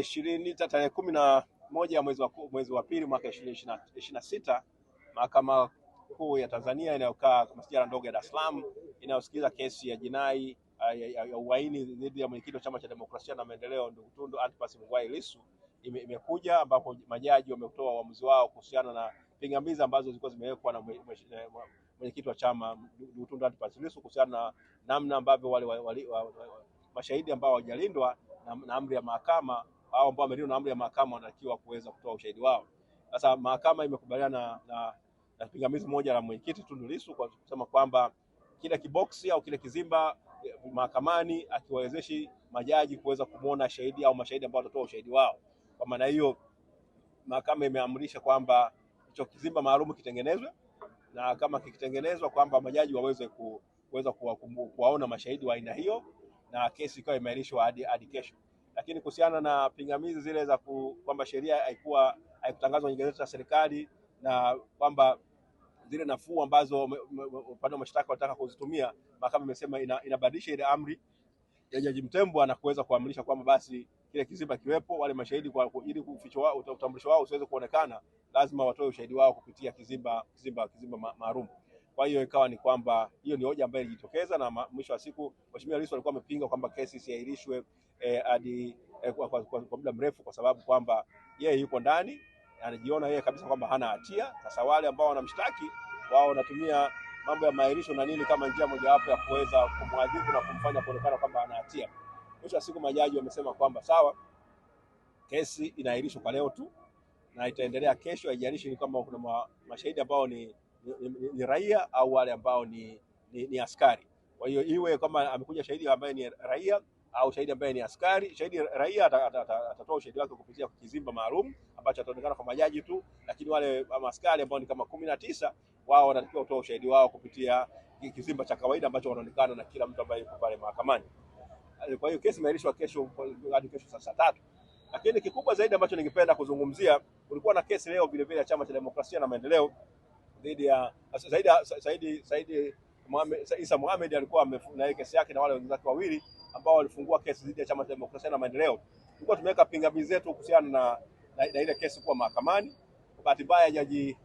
ishirini tarehe kumi na moja mwezi wa, mwezi wa pili mwaka ishirini na sita mahakama kuu ya Tanzania inayokaa masijara ndogo ya Dar es Salaam inayosikiliza kesi ya jinai ya, ya uhaini dhidi ya mwenyekiti wa Chama cha Demokrasia na Maendeleo ndugu Tundu Antipas Mugwai Lissu ime, imekuja ambapo majaji wametoa uamuzi wao kuhusiana na pingamizi ambazo zilikuwa zimewekwa na eh, mwenyekiti wa chama ndugu Tundu Antipas Lissu kuhusiana na namna ambavyo wale, wa, wa, wa, wa, mashahidi ambao hawajalindwa na, na amri ya mahakama hao ambao wamelindwa na amri ya mahakama wanatakiwa kuweza kutoa ushahidi wao. Sasa mahakama imekubaliana na, na, na pingamizi moja la mwenyekiti Tundu Lissu kwa kusema kwamba kile kiboksi au kile kizimba eh, mahakamani akiwawezeshi majaji kuweza kumwona shahidi au mashahidi ambao watatoa ushahidi wao. Kwa maana hiyo, mahakama imeamrisha kwamba hicho kizimba maalum kitengenezwe, na kama kikitengenezwa, kwamba majaji waweze kuweza kuwaona mashahidi wa aina hiyo, na kesi ikawa imeahirishwa hadi hadi kesho. Lakini kuhusiana na pingamizi zile za kwamba sheria haikuwa haikutangazwa kwenye gazeti la serikali na kwamba zile nafuu ambazo upande wa mashtaka wanataka kuzitumia, mahakama imesema ina, inabadilisha ile amri ya Jaji Mtembwa na kuweza kuamrisha kwamba basi kile kizimba kiwepo, wale mashahidi kwa ili kuficho wao utambulisho wao usiweze kuonekana, lazima watoe ushahidi wao kupitia kizimba kizimba, kizimba maalum. Kwa hiyo ikawa ni kwamba hiyo ni hoja ambayo ilijitokeza, na mwisho wa siku Mheshimiwa Lissu alikuwa amepinga kwamba kesi isiahirishwe eh, hadi eh, eh, kwa muda mrefu, kwa sababu kwamba yeye yuko ndani anajiona yeye kabisa kwamba hana hatia. Sasa wale ambao wanamshtaki wao wanatumia mambo ya maahirisho na nini kama njia mojawapo ya kuweza kumwadhibu na kumfanya kuonekana kwamba hana hatia. Mwisho wa siku majaji wamesema kwamba sawa, kesi inaahirishwa kwa leo tu na itaendelea kesho, haijalishi kama kuna mashahidi ambao ni ni, ni, raia au wale ambao ni, ni, ni askari. Kwa hiyo iwe kama amekuja shahidi ambaye ni raia au shahidi ambaye ni askari, shahidi raia atatoa ushahidi wake kupitia kizimba maalum ambacho ataonekana kwa majaji tu, lakini wale askari ambao ni kama kumi na tisa wao wanatakiwa kutoa ushahidi wao kupitia kizimba cha kawaida ambacho wanaonekana na kila mtu ambaye yuko pale mahakamani. Eh, kwa hiyo kesi imeahirishwa kesho hadi kesho saa tatu. Lakini kikubwa zaidi ambacho ningependa kuzungumzia, kulikuwa na kesi leo vile vile ya Chama cha Demokrasia na Maendeleo dhidi ya Saidi Saidi Saidi Mohamed Isa Mohamed alikuwa na kesi yake na wale wenzake wawili ambao walifungua kesi dhidi ya Chama cha Demokrasia na Maendeleo. Tulikuwa tumeweka pingamizi zetu kuhusiana na, na, na ile kesi kuwa mahakamani. Bahati mbaya jaji